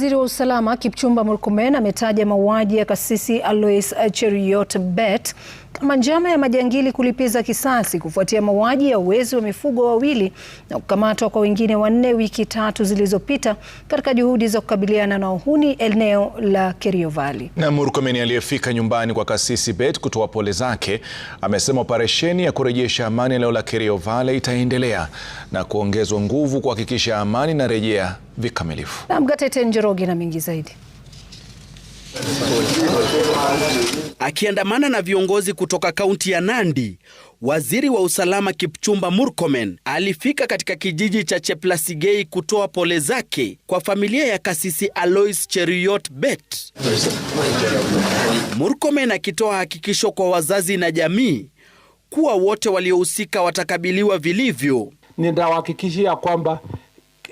Waziri wa usalama Kipchumba Murkomen ametaja mauaji ya kasisi Alois Cheruiyot Bet kama njama ya majangili kulipiza kisasi kufuatia mauaji ya wezi wa mifugo wawili na kukamatwa kwa wengine wanne wiki tatu zilizopita katika juhudi za kukabiliana na uhuni eneo la Kerio Valley. Na Murkomen aliyefika nyumbani kwa Kasisi Bet kutoa pole zake amesema operesheni ya kurejesha amani eneo la Kerio Valley itaendelea na kuongezwa nguvu kuhakikisha amani inarejea vikamilifu. Na Mgatete Njoroge na mingi zaidi. Akiandamana na viongozi kutoka kaunti ya Nandi, waziri wa usalama Kipchumba Murkomen alifika katika kijiji cha Cheplasigei kutoa pole zake kwa familia ya kasisi Alois Cheruiyot Bet. Murkomen akitoa hakikisho kwa wazazi na jamii kuwa wote waliohusika watakabiliwa vilivyo. Nitawahakikishia kwamba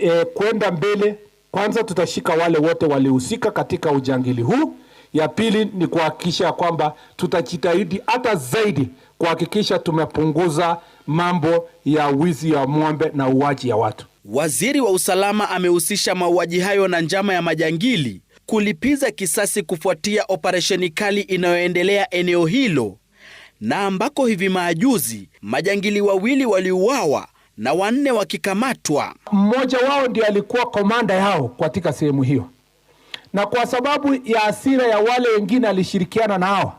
e, kwenda mbele kwanza tutashika wale wote waliohusika katika ujangili huu. Ya pili ni kuhakikisha kwamba tutajitahidi hata zaidi kuhakikisha tumepunguza mambo ya wizi ya ng'ombe na uwaji ya watu. Waziri wa usalama amehusisha mauaji hayo na njama ya majangili kulipiza kisasi kufuatia operesheni kali inayoendelea eneo hilo na ambako hivi majuzi majangili wawili waliuawa na wanne wakikamatwa. Mmoja wao ndiye alikuwa komanda yao katika sehemu hiyo na kwa sababu ya asira ya wale wengine alishirikiana na hawa,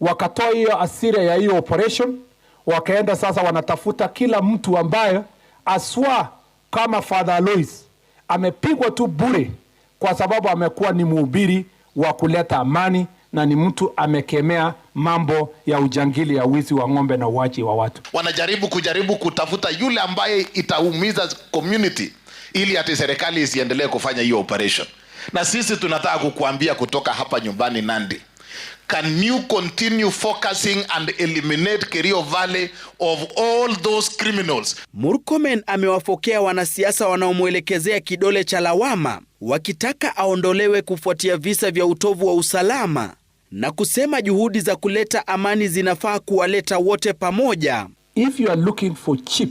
wakatoa hiyo asira ya hiyo operation, wakaenda sasa wanatafuta kila mtu ambaye aswa kama Father Alois amepigwa tu bure, kwa sababu amekuwa ni mhubiri wa kuleta amani na ni mtu amekemea mambo ya ujangili ya wizi wa ng'ombe na uwaji wa watu. Wanajaribu kujaribu kutafuta yule ambaye itaumiza community ili ati serikali isiendelee kufanya hiyo operation na sisi tunataka kukuambia kutoka hapa nyumbani Nandi, can you continue focusing and eliminate Kerio Valley of all those criminals? Murkomen amewafokea wanasiasa wanaomwelekezea kidole cha lawama wakitaka aondolewe kufuatia visa vya utovu wa usalama na kusema juhudi za kuleta amani zinafaa kuwaleta wote pamoja. If you are looking for cheap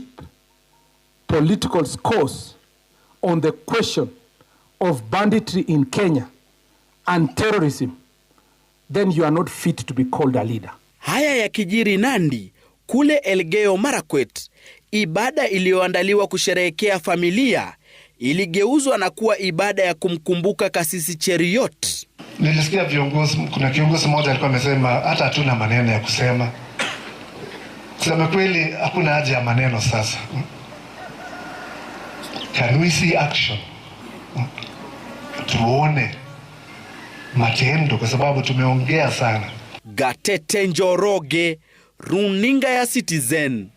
political scores on the question of banditry in Kenya and terrorism, then you are not fit to be called a leader. Haya ya kijiri Nandi kule Elgeyo Marakwet, ibada iliyoandaliwa kusherehekea familia iligeuzwa na kuwa ibada ya kumkumbuka Kasisi Cheriot. Nilisikia viongozi, kuna kiongozi mmoja alikuwa amesema hata hatuna maneno ya kusema. Kusema kweli, hakuna haja ya maneno sasa. Can we see action? tuone matendo, kwa sababu tumeongea sana. Gatete Njoroge, runinga ya Citizen.